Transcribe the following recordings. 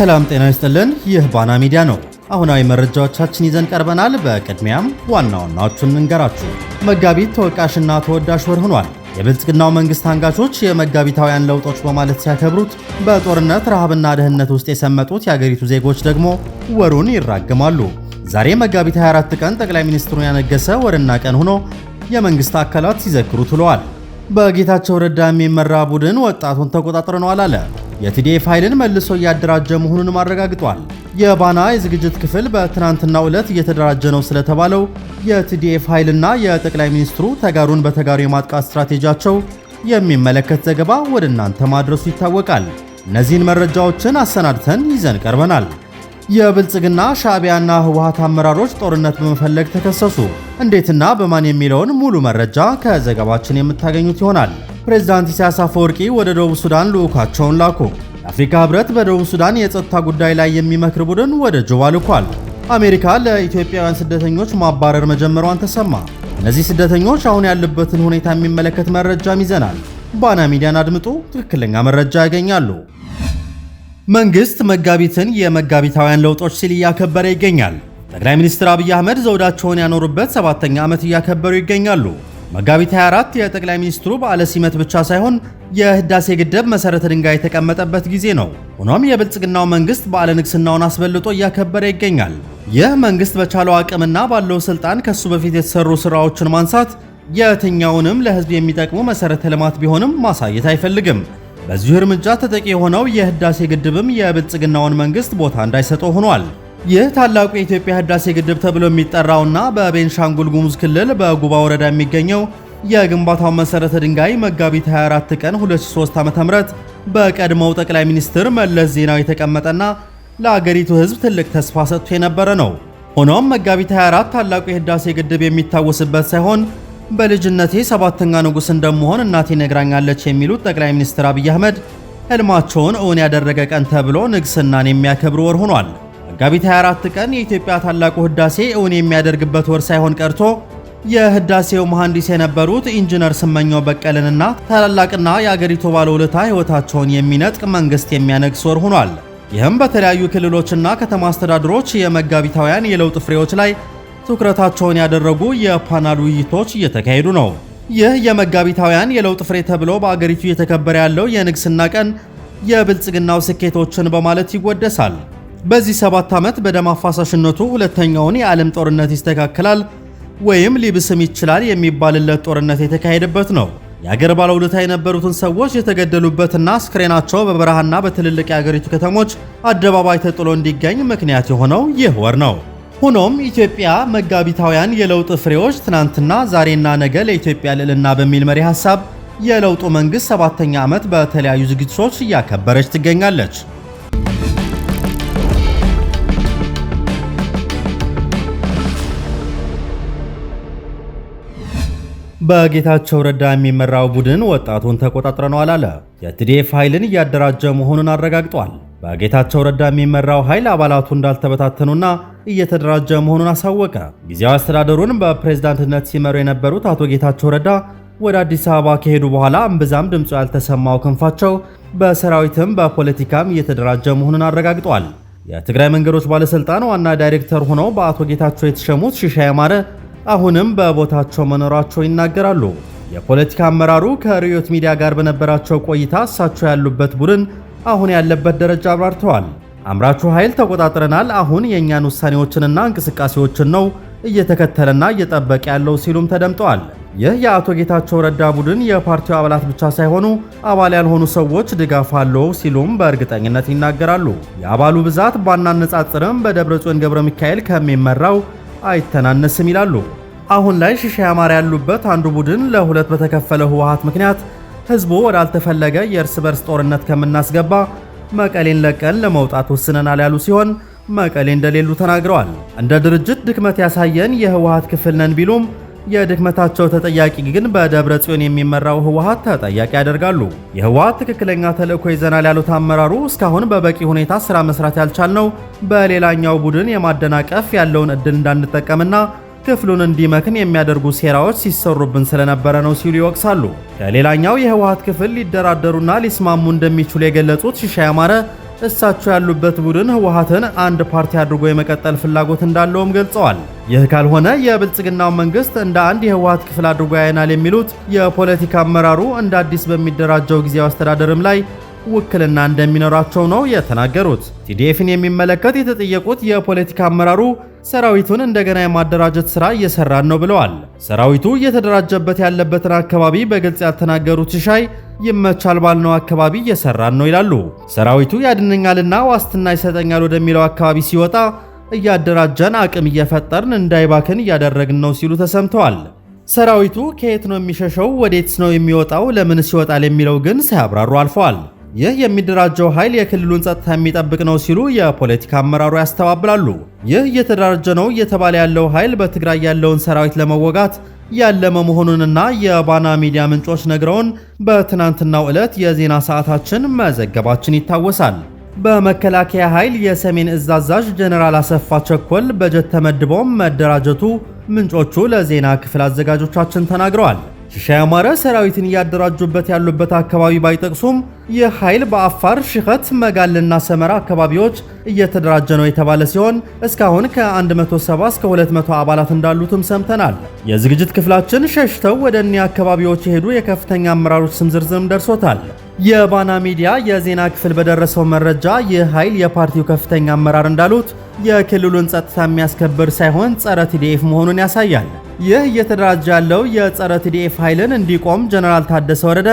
ሰላም ጤና ይስጥልን። ይህ ባና ሚዲያ ነው። አሁናዊ መረጃዎቻችን ይዘን ቀርበናል። በቅድሚያም ዋና ዋናዎቹን እንገራችሁ። መጋቢት ተወቃሽና ተወዳሽ ወር ሆኗል። የብልጽግናው መንግስት አንጋቾች የመጋቢታውያን ለውጦች በማለት ሲያከብሩት፣ በጦርነት ረሃብና ድህነት ውስጥ የሰመጡት የአገሪቱ ዜጎች ደግሞ ወሩን ይራግማሉ። ዛሬ መጋቢት 24 ቀን ጠቅላይ ሚኒስትሩን ያነገሰ ወርና ቀን ሆኖ የመንግስት አካላት ሲዘክሩ ውለዋል። በጌታቸው ረዳ የሚመራ ቡድን ወጣቱን ተቆጣጥረነዋል አለ። የቲዲኤፍ ኃይልን መልሶ እያደራጀ መሆኑንም አረጋግጧል። የባና የዝግጅት ክፍል በትናንትናው ዕለት እየተደራጀ ነው ስለተባለው የቲዲኤፍ ኃይልና የጠቅላይ ሚኒስትሩ ተጋሩን በተጋሩ የማጥቃት ስትራቴጂያቸው የሚመለከት ዘገባ ወደ እናንተ ማድረሱ ይታወቃል። እነዚህን መረጃዎችን አሰናድተን ይዘን ቀርበናል። የብልጽግና ሻዕቢያና ህወሓት አመራሮች ጦርነት በመፈለግ ተከሰሱ። እንዴትና በማን የሚለውን ሙሉ መረጃ ከዘገባችን የምታገኙት ይሆናል። ፕሬዝዳንት ኢሳያስ አፈወርቂ ወደ ደቡብ ሱዳን ልዑካቸውን ላኩ። የአፍሪካ ህብረት በደቡብ ሱዳን የጸጥታ ጉዳይ ላይ የሚመክር ቡድን ወደ ጁባ ልኳል። አሜሪካ ለኢትዮጵያውያን ስደተኞች ማባረር መጀመሯን ተሰማ። እነዚህ ስደተኞች አሁን ያለበትን ሁኔታ የሚመለከት መረጃም ይዘናል። ባና ሚዲያን አድምጡ፣ ትክክለኛ መረጃ ያገኛሉ። መንግስት መጋቢትን የመጋቢታውያን ለውጦች ሲል እያከበረ ይገኛል። ጠቅላይ ሚኒስትር አብይ አህመድ ዘውዳቸውን ያኖሩበት ሰባተኛ ዓመት እያከበሩ ይገኛሉ። መጋቢት 24 የጠቅላይ ሚኒስትሩ በዓለ ሲመት ብቻ ሳይሆን የህዳሴ ግድብ መሰረተ ድንጋይ የተቀመጠበት ጊዜ ነው። ሆኖም የብልጽግናው መንግስት በዓለ ንግስናውን አስበልጦ እያከበረ ይገኛል። ይህ መንግስት በቻለው አቅምና ባለው ስልጣን ከሱ በፊት የተሰሩ ስራዎችን ማንሳት የትኛውንም ለህዝብ የሚጠቅሙ መሰረተ ልማት ቢሆንም ማሳየት አይፈልግም። በዚሁ እርምጃ ተጠቂ የሆነው የህዳሴ ግድብም የብልጽግናውን መንግስት ቦታ እንዳይሰጠው ሆኗል። ይህ ታላቁ የኢትዮጵያ ህዳሴ ግድብ ተብሎ የሚጠራውና በቤንሻንጉል ጉሙዝ ክልል በጉባ ወረዳ የሚገኘው የግንባታው መሰረተ ድንጋይ መጋቢት 24 ቀን 2003 ዓ.ም በቀድሞው ጠቅላይ ሚኒስትር መለስ ዜናዊ የተቀመጠና ለአገሪቱ ህዝብ ትልቅ ተስፋ ሰጥቶ የነበረ ነው። ሆኖም መጋቢት 24 ታላቁ የህዳሴ ግድብ የሚታወስበት ሳይሆን በልጅነቴ ሰባተኛ ንጉሥ እንደመሆን እናቴ ነግራኛለች የሚሉት ጠቅላይ ሚኒስትር አብይ አህመድ ህልማቸውን እውን ያደረገ ቀን ተብሎ ንግስናን የሚያከብር ወር ሆኗል። መጋቢት 24 ቀን የኢትዮጵያ ታላቁ ህዳሴ እውን የሚያደርግበት ወር ሳይሆን ቀርቶ የህዳሴው መሐንዲስ የነበሩት ኢንጂነር ስመኘው በቀለንና ታላላቅና የአገሪቱ ባለውለታ ህይወታቸውን የሚነጥቅ መንግስት የሚያነግስ ወር ሆኗል። ይህም በተለያዩ ክልሎችና ከተማ አስተዳደሮች የመጋቢታውያን የለውጥ ፍሬዎች ላይ ትኩረታቸውን ያደረጉ የፓናል ውይይቶች እየተካሄዱ ነው። ይህ የመጋቢታውያን የለውጥ ፍሬ ተብሎ በአገሪቱ እየተከበረ ያለው የንግስና ቀን የብልጽግናው ስኬቶችን በማለት ይወደሳል። በዚህ ሰባት ዓመት በደም አፋሳሽነቱ ሁለተኛውን የዓለም ጦርነት ይስተካከላል ወይም ሊብስም ይችላል የሚባልለት ጦርነት የተካሄደበት ነው። የአገር ባለውለታ የነበሩትን ሰዎች የተገደሉበትና አስክሬናቸው በበረሃና በትልልቅ የአገሪቱ ከተሞች አደባባይ ተጥሎ እንዲገኝ ምክንያት የሆነው ይህ ወር ነው። ሆኖም ኢትዮጵያ መጋቢታውያን የለውጥ ፍሬዎች ትናንትና፣ ዛሬና ነገ ለኢትዮጵያ ልዕልና በሚል መሪ ሐሳብ የለውጡ መንግሥት ሰባተኛ ዓመት በተለያዩ ዝግጅቶች እያከበረች ትገኛለች። በጌታቸው ረዳ የሚመራው ቡድን ወጣቱን ተቆጣጥረነዋል አለ። የቲዲኤፍ ኃይልን እያደራጀ መሆኑን አረጋግጧል። በጌታቸው ረዳ የሚመራው ኃይል አባላቱ እንዳልተበታተኑና እየተደራጀ መሆኑን አሳወቀ። ጊዜያዊ አስተዳደሩን በፕሬዝዳንትነት ሲመሩ የነበሩት አቶ ጌታቸው ረዳ ወደ አዲስ አበባ ከሄዱ በኋላ እምብዛም ድምፁ ያልተሰማው ክንፋቸው በሰራዊትም በፖለቲካም እየተደራጀ መሆኑን አረጋግጧል። የትግራይ መንገዶች ባለስልጣን ዋና ዳይሬክተር ሆነው በአቶ ጌታቸው የተሸሙት ሽሻ ያማረ አሁንም በቦታቸው መኖራቸው ይናገራሉ። የፖለቲካ አመራሩ ከርዕዮት ሚዲያ ጋር በነበራቸው ቆይታ እሳቸው ያሉበት ቡድን አሁን ያለበት ደረጃ አብራርተዋል። አምራቹ ኃይል ተቆጣጥረናል፣ አሁን የእኛን ውሳኔዎችንና እንቅስቃሴዎችን ነው እየተከተለና እየጠበቀ ያለው ሲሉም ተደምጠዋል። ይህ የአቶ ጌታቸው ረዳ ቡድን የፓርቲው አባላት ብቻ ሳይሆኑ አባል ያልሆኑ ሰዎች ድጋፍ አለው ሲሉም በእርግጠኝነት ይናገራሉ። የአባሉ ብዛት ባናነጻጽርም በደብረ ጽዮን ገብረ ሚካኤል ከሚመራው አይተናነስም ይላሉ። አሁን ላይ ሽሻ ያማረ ያሉበት አንዱ ቡድን ለሁለት በተከፈለ ህወሓት ምክንያት ህዝቡ ወዳልተፈለገ የእርስ በርስ ጦርነት ከምናስገባ መቀሌን ለቀን ለመውጣት ወስነናል ያሉ ሲሆን መቀሌ እንደሌሉ ተናግረዋል። እንደ ድርጅት ድክመት ያሳየን የህወሓት ክፍል ነን ቢሉም የድክመታቸው ተጠያቂ ግን በደብረ ጽዮን የሚመራው ህወሓት ተጠያቂ ያደርጋሉ። የህወሓት ትክክለኛ ተልዕኮ ይዘናል ያሉት አመራሩ እስካሁን በበቂ ሁኔታ ስራ መስራት ያልቻልነው በሌላኛው ቡድን የማደናቀፍ ያለውን እድል እንዳንጠቀምና ክፍሉን እንዲመክን የሚያደርጉ ሴራዎች ሲሰሩብን ስለነበረ ነው ሲሉ ይወቅሳሉ። ከሌላኛው የህወሀት ክፍል ሊደራደሩና ሊስማሙ እንደሚችሉ የገለጹት ሽሻ ያማረ እሳቸው ያሉበት ቡድን ህወሀትን አንድ ፓርቲ አድርጎ የመቀጠል ፍላጎት እንዳለውም ገልጸዋል። ይህ ካልሆነ የብልጽግናው መንግስት እንደ አንድ የህወሀት ክፍል አድርጎ ያይናል የሚሉት የፖለቲካ አመራሩ እንደ አዲስ በሚደራጀው ጊዜያዊ አስተዳደርም ላይ ውክልና እንደሚኖራቸው ነው የተናገሩት። ቲዲኤፍን የሚመለከት የተጠየቁት የፖለቲካ አመራሩ ሰራዊቱን እንደገና የማደራጀት ስራ እየሰራን ነው ብለዋል። ሰራዊቱ እየተደራጀበት ያለበትን አካባቢ በግልጽ ያልተናገሩት ሲሻይ ይመቻል ባልነው አካባቢ እየሰራን ነው ይላሉ። ሰራዊቱ ያድነኛልና ዋስትና ይሰጠኛል ወደሚለው አካባቢ ሲወጣ እያደራጀን አቅም እየፈጠርን እንዳይባክን እያደረግን ነው ሲሉ ተሰምተዋል። ሰራዊቱ ከየት ነው የሚሸሸው? ወዴትስ ነው የሚወጣው? ለምን ሲወጣል? የሚለው ግን ሳያብራሩ አልፈዋል። ይህ የሚደራጀው ኃይል የክልሉን ጸጥታ የሚጠብቅ ነው ሲሉ የፖለቲካ አመራሩ ያስተባብላሉ። ይህ እየተደራጀ ነው እየተባለ ያለው ኃይል በትግራይ ያለውን ሰራዊት ለመወጋት ያለመ መሆኑንና የባና ሚዲያ ምንጮች ነግረውን በትናንትናው ዕለት የዜና ሰዓታችን መዘገባችን ይታወሳል። በመከላከያ ኃይል የሰሜን እዝ አዛዥ ጀነራል አሰፋ ቸኮል በጀት ተመድቦም መደራጀቱ ምንጮቹ ለዜና ክፍል አዘጋጆቻችን ተናግረዋል። ሽሻ ያማረ ሰራዊትን እያደራጁበት ያሉበት አካባቢ ባይጠቅሱም ይህ ኃይል በአፋር ሽኸት፣ መጋልና ሰመራ አካባቢዎች እየተደራጀ ነው የተባለ ሲሆን እስካሁን ከ170 እስከ 200 አባላት እንዳሉትም ሰምተናል። የዝግጅት ክፍላችን ሸሽተው ወደ እኒህ አካባቢዎች የሄዱ የከፍተኛ አመራሮች ስም ዝርዝርም ደርሶታል። የባና ሚዲያ የዜና ክፍል በደረሰው መረጃ ይህ ኃይል የፓርቲው ከፍተኛ አመራር እንዳሉት የክልሉን ጸጥታ የሚያስከብር ሳይሆን ጸረ ቲዲኤፍ መሆኑን ያሳያል። ይህ እየተደራጀ ያለው የጸረ ቲዲኤፍ ኃይልን እንዲቆም ጀነራል ታደሰ ወረደ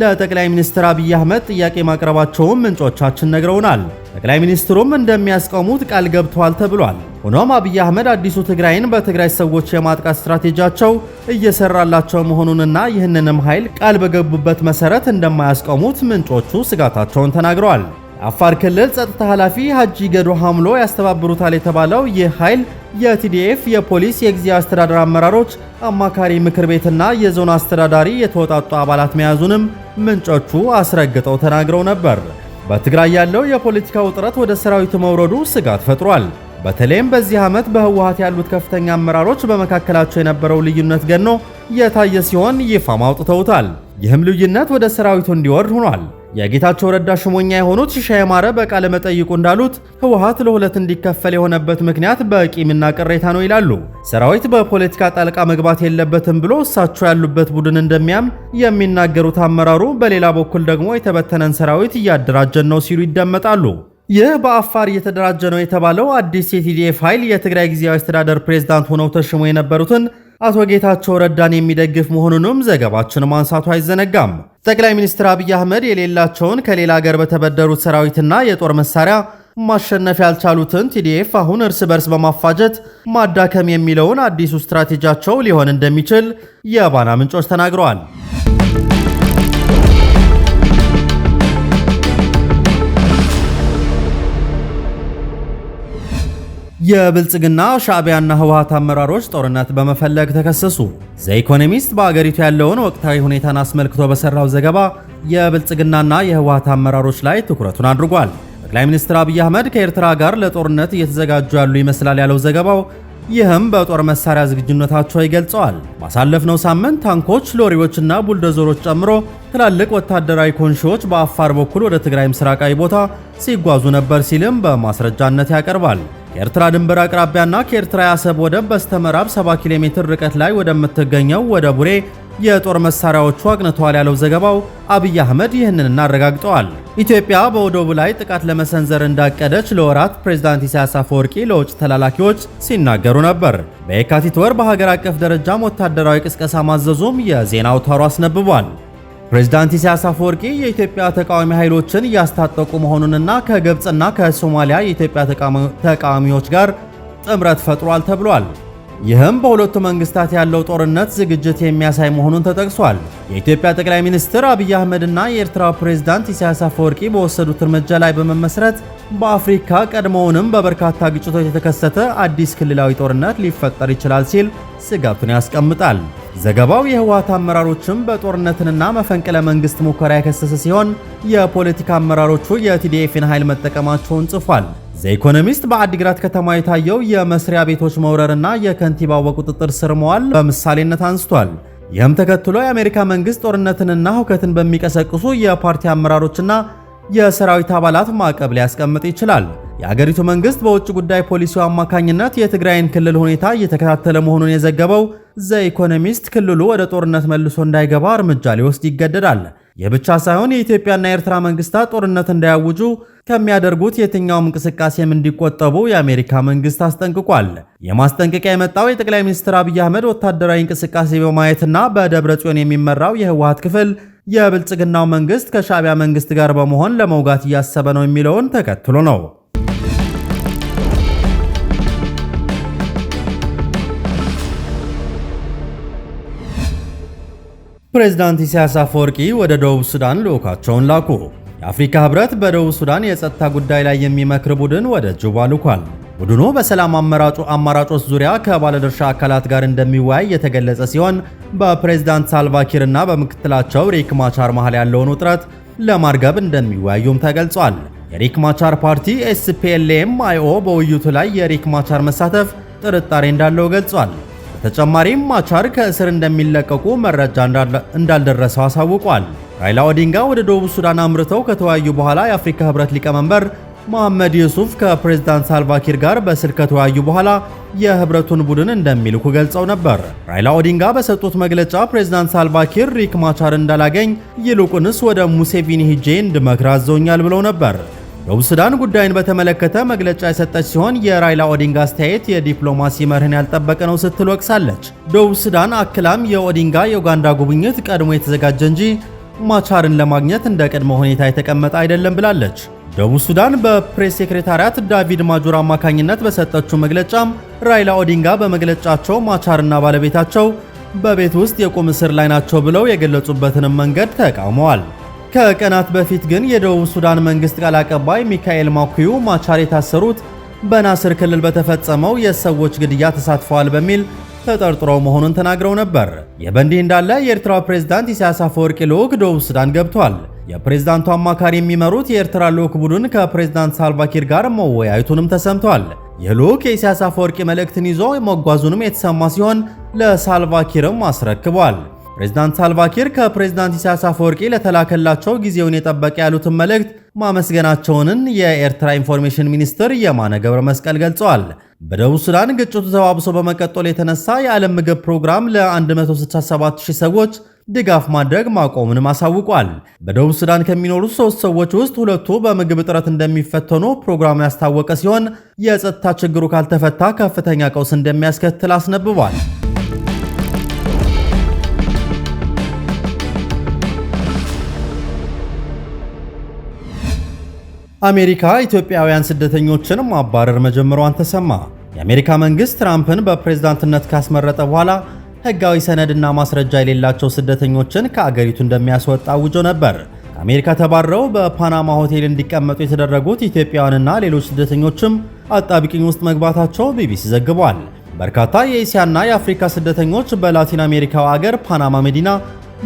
ለጠቅላይ ሚኒስትር አብይ አህመድ ጥያቄ ማቅረባቸውን ምንጮቻችን ነግረውናል። ጠቅላይ ሚኒስትሩም እንደሚያስቆሙት ቃል ገብተዋል ተብሏል። ሆኖም አብይ አህመድ አዲሱ ትግራይን በትግራይ ሰዎች የማጥቃት ስትራቴጂያቸው እየሰራላቸው መሆኑንና ይህንንም ኃይል ቃል በገቡበት መሰረት እንደማያስቆሙት ምንጮቹ ስጋታቸውን ተናግረዋል። የአፋር ክልል ጸጥታ ኃላፊ ሀጂ ገዱ ሐምሎ ያስተባብሩታል የተባለው ይህ ኃይል የቲዲኤፍ የፖሊስ የጊዜያዊ አስተዳደር አመራሮች፣ አማካሪ ምክር ቤትና የዞን አስተዳዳሪ የተወጣጡ አባላት መያዙንም ምንጮቹ አስረግጠው ተናግረው ነበር። በትግራይ ያለው የፖለቲካ ውጥረት ወደ ሰራዊቱ መውረዱ ስጋት ፈጥሯል። በተለይም በዚህ ዓመት በህወሓት ያሉት ከፍተኛ አመራሮች በመካከላቸው የነበረው ልዩነት ገኖ የታየ ሲሆን ይፋም አውጥተውታል። ይህም ልዩነት ወደ ሰራዊቱ እንዲወርድ ሆኗል። የጌታቸው ረዳ ሹመኛ የሆኑት ሲሳይ ማረ በቃለ መጠይቁ እንዳሉት ህወሓት ለሁለት እንዲከፈል የሆነበት ምክንያት በቂምና ቅሬታ ነው ይላሉ። ሰራዊት በፖለቲካ ጣልቃ መግባት የለበትም ብሎ እሳቸው ያሉበት ቡድን እንደሚያም የሚናገሩት አመራሩ፣ በሌላ በኩል ደግሞ የተበተነን ሰራዊት እያደራጀን ነው ሲሉ ይደመጣሉ። ይህ በአፋር እየተደራጀ ነው የተባለው አዲስ የቲዲኤፍ ኃይል የትግራይ ጊዜያዊ አስተዳደር ፕሬዝዳንት ሆነው ተሽሞ የነበሩትን አቶ ጌታቸው ረዳን የሚደግፍ መሆኑንም ዘገባችን ማንሳቱ አይዘነጋም። ጠቅላይ ሚኒስትር አብይ አህመድ የሌላቸውን ከሌላ ሀገር በተበደሩት ሰራዊትና የጦር መሳሪያ ማሸነፍ ያልቻሉትን ቲዲኤፍ አሁን እርስ በርስ በማፋጀት ማዳከም የሚለውን አዲሱ ስትራቴጂያቸው ሊሆን እንደሚችል የባና ምንጮች ተናግረዋል። የብልጽግና ሻዕቢያና ህወሓት አመራሮች ጦርነት በመፈለግ ተከሰሱ። ዘኢኮኖሚስት በአገሪቱ ያለውን ወቅታዊ ሁኔታን አስመልክቶ በሰራው ዘገባ የብልጽግናና የህወሓት አመራሮች ላይ ትኩረቱን አድርጓል። ጠቅላይ ሚኒስትር አብይ አህመድ ከኤርትራ ጋር ለጦርነት እየተዘጋጁ ያሉ ይመስላል ያለው ዘገባው፣ ይህም በጦር መሳሪያ ዝግጁነታቸው ይገልጸዋል። ባሳለፍነው ሳምንት ታንኮች፣ ሎሪዎችና ቡልደዞሮች ጨምሮ ትላልቅ ወታደራዊ ኮንሾዎች በአፋር በኩል ወደ ትግራይ ምስራቃዊ ቦታ ሲጓዙ ነበር ሲልም በማስረጃነት ያቀርባል። ከኤርትራ ድንበር አቅራቢያና ከኤርትራ የአሰብ ወደብ በስተምዕራብ 70 ኪሎ ሜትር ርቀት ላይ ወደምትገኘው ወደ ቡሬ የጦር መሳሪያዎቹ አቅንተዋል ያለው ዘገባው አብይ አህመድ ይህንን አረጋግጠዋል። ኢትዮጵያ በወደቡ ላይ ጥቃት ለመሰንዘር እንዳቀደች ለወራት ፕሬዝዳንት ኢሳያስ አፈወርቂ ለውጭ ተላላኪዎች ሲናገሩ ነበር። በየካቲት ወር በሀገር አቀፍ ደረጃም ወታደራዊ ቅስቀሳ ማዘዙም የዜና አውታሩ አስነብቧል። ፕሬዝዳንት ኢሳያስ አፈወርቂ የኢትዮጵያ ተቃዋሚ ኃይሎችን እያስታጠቁ መሆኑንና ከግብፅና ከሶማሊያ የኢትዮጵያ ተቃዋሚዎች ጋር ጥምረት ፈጥሯል ተብሏል። ይህም በሁለቱ መንግስታት ያለው ጦርነት ዝግጅት የሚያሳይ መሆኑን ተጠቅሷል። የኢትዮጵያ ጠቅላይ ሚኒስትር አብይ አህመድና የኤርትራ ፕሬዝዳንት ኢሳያስ አፈወርቂ በወሰዱት እርምጃ ላይ በመመስረት በአፍሪካ ቀድሞውንም በበርካታ ግጭቶች የተከሰተ አዲስ ክልላዊ ጦርነት ሊፈጠር ይችላል ሲል ስጋቱን ያስቀምጣል። ዘገባው የህወሓት አመራሮችም በጦርነትንና መፈንቅለ መንግስት ሙከራ የከሰሰ ሲሆን የፖለቲካ አመራሮቹ የቲዲኤፍን ኃይል መጠቀማቸውን ጽፏል። ዘኢኮኖሚስት በአዲግራት ከተማ የታየው የመስሪያ ቤቶች መውረርና የከንቲባው በቁጥጥር ስር መዋል በምሳሌነት አንስቷል። ይህም ተከትሎ የአሜሪካ መንግሥት ጦርነትንና ሁከትን በሚቀሰቅሱ የፓርቲ አመራሮችና የሰራዊት አባላት ማዕቀብ ሊያስቀምጥ ይችላል። የአገሪቱ መንግሥት በውጭ ጉዳይ ፖሊሲው አማካኝነት የትግራይን ክልል ሁኔታ እየተከታተለ መሆኑን የዘገበው ዘኢኮኖሚስት ክልሉ ወደ ጦርነት መልሶ እንዳይገባ እርምጃ ሊወስድ ይገደዳል። የብቻ ሳይሆን የኢትዮጵያና የኤርትራ መንግስታት ጦርነት እንዳያውጁ ከሚያደርጉት የትኛውም እንቅስቃሴም እንዲቆጠቡ የአሜሪካ መንግስት አስጠንቅቋል። የማስጠንቀቂያ የመጣው የጠቅላይ ሚኒስትር አብይ አህመድ ወታደራዊ እንቅስቃሴ በማየትና በደብረ ጽዮን የሚመራው የህወሀት ክፍል የብልጽግናው መንግስት ከሻቢያ መንግስት ጋር በመሆን ለመውጋት እያሰበ ነው የሚለውን ተከትሎ ነው። ፕሬዝዳንት ኢሳያስ አፈወርቂ ወደ ደቡብ ሱዳን ልዑካቸውን ላኩ። የአፍሪካ ህብረት በደቡብ ሱዳን የጸጥታ ጉዳይ ላይ የሚመክር ቡድን ወደ ጁባ ልኳል። ቡድኑ በሰላም አመራጩ አማራጮች ዙሪያ ከባለድርሻ አካላት ጋር እንደሚወያይ የተገለጸ ሲሆን በፕሬዝዳንት ሳልቫኪር እና በምክትላቸው ሪክ ማቻር መሃል ያለውን ውጥረት ለማርገብ እንደሚወያዩም ተገልጿል። የሪክ ማቻር ፓርቲ ኤስፒኤልኤም አይኦ በውይይቱ ላይ የሪክ ማቻር መሳተፍ ጥርጣሬ እንዳለው ገልጿል። በተጨማሪም ማቻር ከእስር እንደሚለቀቁ መረጃ እንዳልደረሰው አሳውቋል። ራይላ ኦዲንጋ ወደ ደቡብ ሱዳን አምርተው ከተወያዩ በኋላ የአፍሪካ ህብረት ሊቀመንበር መሐመድ ዩሱፍ ከፕሬዝዳንት ሳልቫኪር ጋር በስልክ ከተወያዩ በኋላ የህብረቱን ቡድን እንደሚልኩ ገልጸው ነበር። ራይላ ኦዲንጋ በሰጡት መግለጫ ፕሬዝዳንት ሳልቫኪር ሪክ ማቻር እንዳላገኝ ይልቁንስ ወደ ሙሴቪኒ ሂጄ እንድመክር አዘውኛል ብለው ነበር። ደቡብ ሱዳን ጉዳይን በተመለከተ መግለጫ የሰጠች ሲሆን የራይላ ኦዲንጋ አስተያየት የዲፕሎማሲ መርህን ያልጠበቀ ነው ስትል ወቅሳለች። ደቡብ ሱዳን አክላም የኦዲንጋ የኡጋንዳ ጉብኝት ቀድሞ የተዘጋጀ እንጂ ማቻርን ለማግኘት እንደ ቅድመ ሁኔታ የተቀመጠ አይደለም ብላለች። ደቡብ ሱዳን በፕሬስ ሴክሬታሪያት ዳቪድ ማጁር አማካኝነት በሰጠችው መግለጫም ራይላ ኦዲንጋ በመግለጫቸው ማቻርና ባለቤታቸው በቤት ውስጥ የቁም እስር ላይ ናቸው ብለው የገለጹበትንም መንገድ ተቃውመዋል። ከቀናት በፊት ግን የደቡብ ሱዳን መንግስት ቃል አቀባይ ሚካኤል ማኩዩ ማቻር የታሰሩት በናስር ክልል በተፈጸመው የሰዎች ግድያ ተሳትፈዋል በሚል ተጠርጥረው መሆኑን ተናግረው ነበር። ይህ በእንዲህ እንዳለ የኤርትራ ፕሬዝዳንት ኢሳያስ አፈወርቂ ልዑክ ደቡብ ሱዳን ገብቷል። የፕሬዝዳንቱ አማካሪ የሚመሩት የኤርትራ ልዑክ ቡድን ከፕሬዝዳንት ሳልቫኪር ጋር መወያየቱንም ተሰምቷል። ይህ ልዑክ የኢሳያስ አፈወርቂ መልእክትን ይዞ መጓዙንም የተሰማ ሲሆን ለሳልቫኪርም አስረክቧል። ፕሬዝዳንት ሳልቫኪር ከፕሬዝዳንት ኢሳያስ አፈወርቂ ለተላከላቸው ጊዜውን የጠበቀ ያሉትን መልእክት ማመስገናቸውንን የኤርትራ ኢንፎርሜሽን ሚኒስትር የማነ ገብረ መስቀል ገልጸዋል። በደቡብ ሱዳን ግጭቱ ተባብሶ በመቀጠሉ የተነሳ የዓለም ምግብ ፕሮግራም ለ167000 ሰዎች ድጋፍ ማድረግ ማቆሙንም አሳውቋል። በደቡብ ሱዳን ከሚኖሩ ሶስት ሰዎች ውስጥ ሁለቱ በምግብ እጥረት እንደሚፈተኑ ፕሮግራሙ ያስታወቀ ሲሆን የጸጥታ ችግሩ ካልተፈታ ከፍተኛ ቀውስ እንደሚያስከትል አስነብቧል። አሜሪካ ኢትዮጵያውያን ስደተኞችን ማባረር መጀመሯን ተሰማ። የአሜሪካ መንግስት ትራምፕን በፕሬዝዳንትነት ካስመረጠ በኋላ ህጋዊ ሰነድና ማስረጃ የሌላቸው ስደተኞችን ከአገሪቱ እንደሚያስወጣ አውጆ ነበር። ከአሜሪካ ተባረው በፓናማ ሆቴል እንዲቀመጡ የተደረጉት ኢትዮጵያውያንና ሌሎች ስደተኞችም አጣብቂኝ ውስጥ መግባታቸው ቢቢሲ ዘግቧል። በርካታ የእስያና የአፍሪካ ስደተኞች በላቲን አሜሪካው አገር ፓናማ መዲና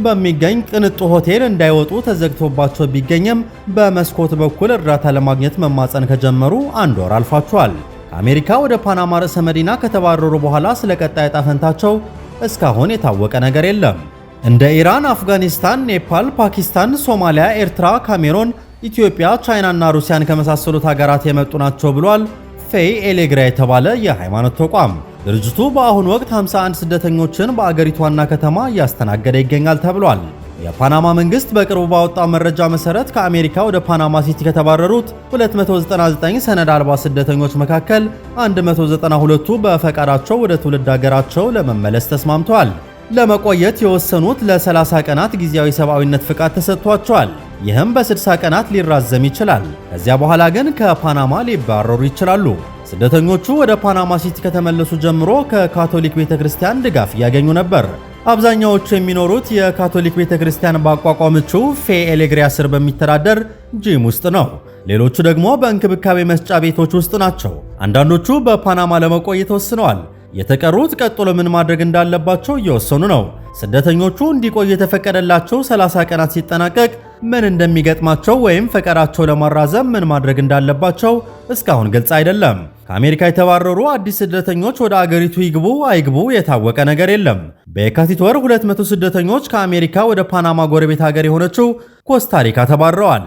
በሚገኝ ቅንጡ ሆቴል እንዳይወጡ ተዘግቶባቸው ቢገኝም በመስኮት በኩል እርዳታ ለማግኘት መማፀን ከጀመሩ አንድ ወር አልፏቸዋል። ከአሜሪካ ወደ ፓናማ ርዕሰ መዲና ከተባረሩ በኋላ ስለ ቀጣይ ዕጣ ፈንታቸው እስካሁን የታወቀ ነገር የለም። እንደ ኢራን፣ አፍጋኒስታን፣ ኔፓል፣ ፓኪስታን፣ ሶማሊያ፣ ኤርትራ፣ ካሜሮን፣ ኢትዮጵያ፣ ቻይናና ሩሲያን ከመሳሰሉት ሀገራት የመጡ ናቸው ብሏል ፌይ ኤሌግራ የተባለ የሃይማኖት ተቋም። ድርጅቱ በአሁኑ ወቅት 51 ስደተኞችን በአገሪቱ ዋና ከተማ እያስተናገደ ይገኛል ተብሏል። የፓናማ መንግስት በቅርቡ ባወጣው መረጃ መሰረት ከአሜሪካ ወደ ፓናማ ሲቲ ከተባረሩት 299 ሰነድ አልባ ስደተኞች መካከል 192ቱ በፈቃዳቸው ወደ ትውልድ ሀገራቸው ለመመለስ ተስማምተዋል። ለመቆየት የወሰኑት ለ30 ቀናት ጊዜያዊ ሰብአዊነት ፍቃድ ተሰጥቷቸዋል። ይህም በ60 ቀናት ሊራዘም ይችላል። ከዚያ በኋላ ግን ከፓናማ ሊባረሩ ይችላሉ። ስደተኞቹ ወደ ፓናማ ሲቲ ከተመለሱ ጀምሮ ከካቶሊክ ቤተ ክርስቲያን ድጋፍ እያገኙ ነበር። አብዛኛዎቹ የሚኖሩት የካቶሊክ ቤተ ክርስቲያን ባቋቋመችው ፌ ኤሌግሪያ ስር በሚተዳደር ጂም ውስጥ ነው። ሌሎቹ ደግሞ በእንክብካቤ መስጫ ቤቶች ውስጥ ናቸው። አንዳንዶቹ በፓናማ ለመቆየት ወስነዋል። የተቀሩት ቀጥሎ ምን ማድረግ እንዳለባቸው እየወሰኑ ነው። ስደተኞቹ እንዲቆይ የተፈቀደላቸው 30 ቀናት ሲጠናቀቅ ምን እንደሚገጥማቸው ወይም ፈቀራቸው ለማራዘም ምን ማድረግ እንዳለባቸው እስካሁን ግልጽ አይደለም። ከአሜሪካ የተባረሩ አዲስ ስደተኞች ወደ አገሪቱ ይግቡ አይግቡ የታወቀ ነገር የለም። በየካቲት ወር 200 ስደተኞች ከአሜሪካ ወደ ፓናማ ጎረቤት ሀገር የሆነችው ኮስታሪካ ተባረዋል።